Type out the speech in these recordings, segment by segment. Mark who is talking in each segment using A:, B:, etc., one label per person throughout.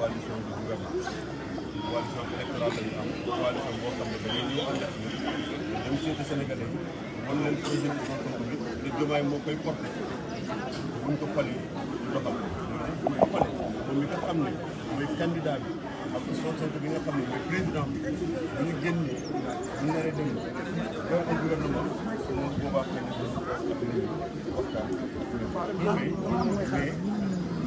A: coalition de gouvernance coalition électorale la ñu am coalition boo xam ne da ngay ñëw ànd ak ñun dem seeti sénégalais yi wan leen projet bi Ousmane Sonko bi te Diomaye moo koy porté buñ ko falee du doxal buñ ko falee moom mi nga xam ne mooy candidat bi ak Ousmane Sonko bi nga xam ne mooy président bi bu ñu génnee bu ñu naree dem yow ay gouvernement moom boobaa xëy na waxtaan mais mais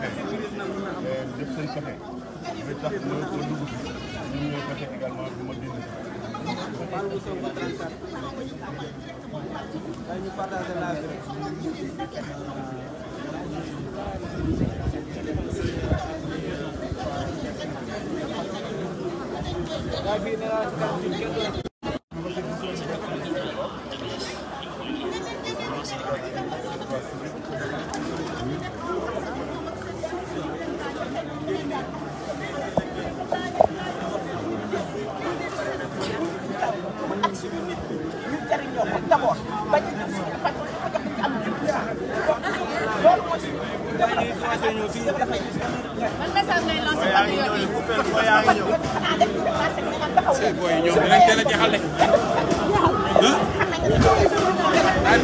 A: fexe def seen fexe ini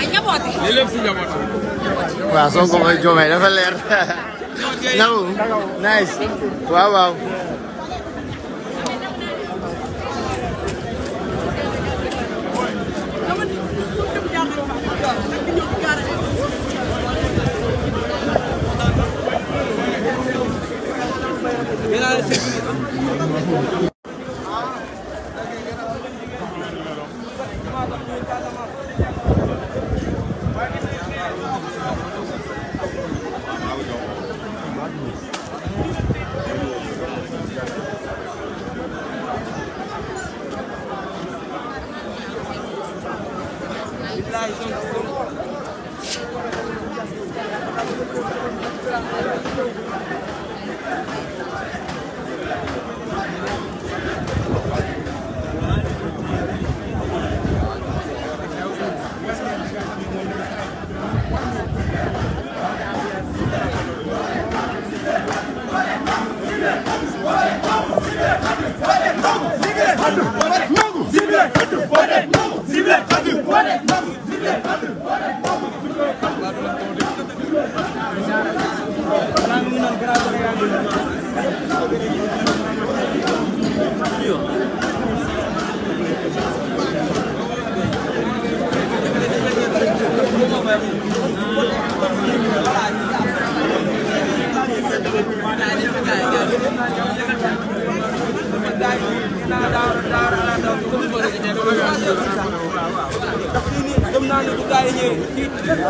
A: li lépp si njaboot. waaw Sonko mooy Diomaye dafa leer. Thank you.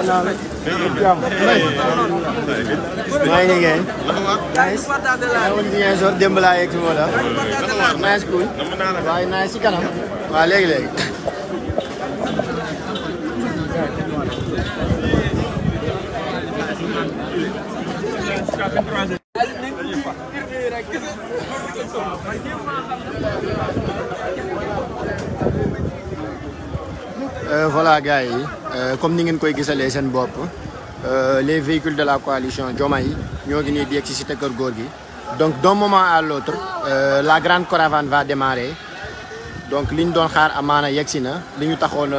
A: naa la. maa ngi liggéey. maa sor démb laa yegg si moo la. maa ngi cool. waaye naa si kanam. waaw léegi léegi. voilà gars yi. Euh, comme nous ngeen koy les euh, les véhicules de la coalition Diomaye nous ngi nii di yegg si donc d'un moment à l'autre euh, la grande caravane va démarrer donc li ñu doon xaar amaana yegg si na li ñu taxoon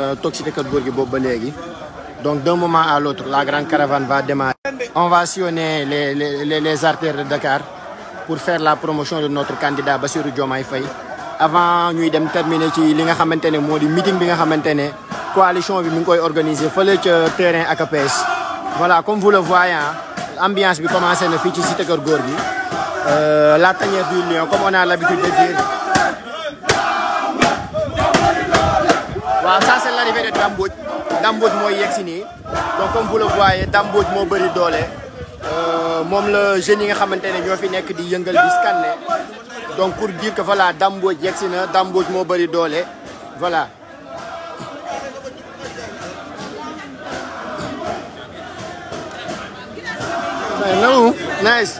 A: donc d'un moment à l'autre la grande caravane va démarrer. on va sillonner les artères de Dakar pour faire la promotion de notre candidat Bassirou Diomaye Faye avant nous dem terminer ci li nga xamante ne meeting bi nga coalition bi mi organisées, il fallait que le terrain AKPS. voilà comme vous le voyez hein, l'ambiance bi commencé à fii ci cité euh, la tanière du lion comme on a l'habitude de dire Voilà, ça c'est l'arrivée de Dambout. Dambout est ici. donc comme vous le voyez Dambout est bari bëri doole le le qui yi nga xamante de donc pour dire que voilà Dame est yegg si na voilà Hello. Nice.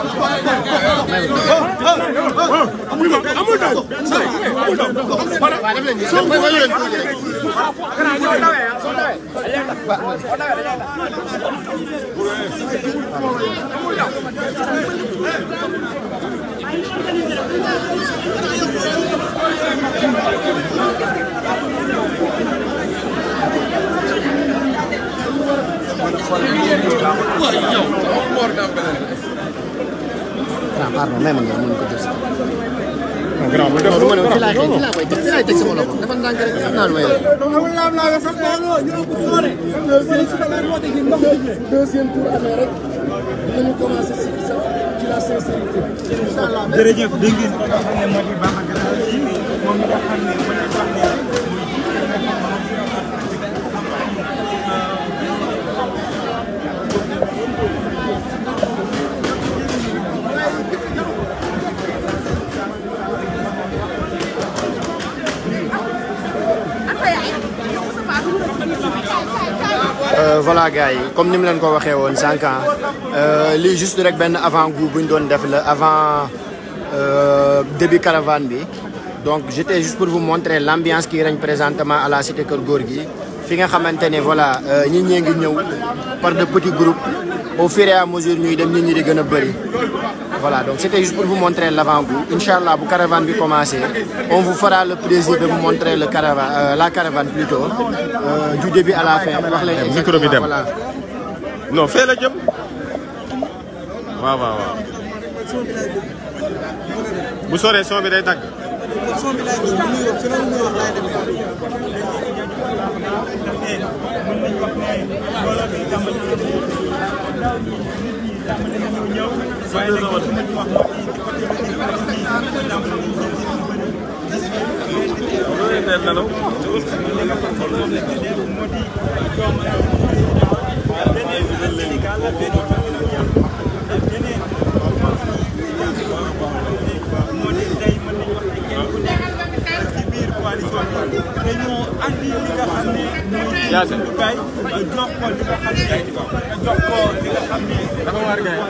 A: amul daw amul daw amul daw Wah, yo, mau ah pardon may ma nga mën ko jël si. non grand ma déglu ma fi laa koy teg fi laay teg sama loxo dafa ndànk rek xam naa lu may wax. deuxième tour amee rek dinañu commencé si ci la sincérité. incha allah jërëjëf dégg ngeen li nga xam ne moo di Babacar Sy moom mi nga xam ne moo di wax ne. voilà gars comme nous l'avons dit ko waxee woon cinq ans euh, juste avant le début de la début caravane donc j'étais juste pour vous montrer l'ambiance qui règne présentement à la cité de Gorgui fi nga voilà euh, ñi ngi par de petits groupes au fur et à mesure ñuy dem nit ñi di gën a voilà donc c'était juste pour vous montrer l'avant-goût Inch'Allah, allah bu caravane bi commencé on vous fera le plaisir de vous montrer le caravane euh, la caravane plutôt euh, du début à la fin wax leen micro bi dem voilà non fee la jëm waaw waaw waaw bu soree son bi day tàgg dañoo andi li nga xam ne yaase tay jox ko li nga xam ne jox ko li nga xam ne dafa war gaay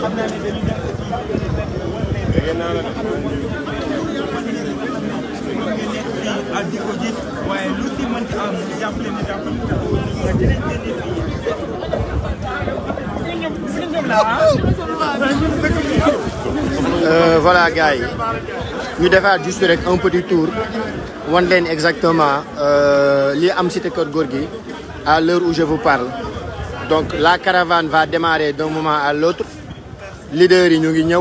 A: xam naa ne dañuy nekk ci ak di ko gis waaye lu ci mënti am jàppale na jàppale na Euh, voilà Guy. Nous devons juste faire un petit tour On exactement euh, li à l'heure où je vous parle donc la caravane va démarrer d'un moment à l'autre leader yi ñu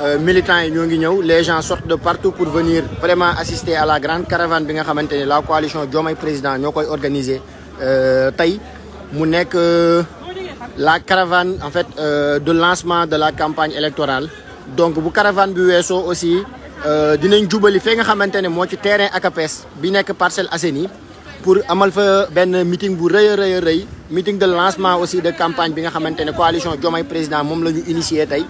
A: euh, militants les gens sortent de partout pour venir vraiment assister à la grande caravane la coalition Diomaye Président qui organisée organisé, tey la caravane en fait euh, de lancement de la campagne électorale donc bu caravane bu wesso aussi euh, dinañ djubali fee nga xamante mo ci terrain ACAPES bi nek parcelle Aseni pour amal fa ben meeting bu reuy reuy reuy meeting de lancement aussi de campagne bi nga xamante coalition Diomaye Président mom lañu initier tay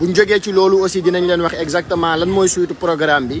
A: buñ jógee ci lolu aussi dinañ leen wax exactement lan moy suite programme bi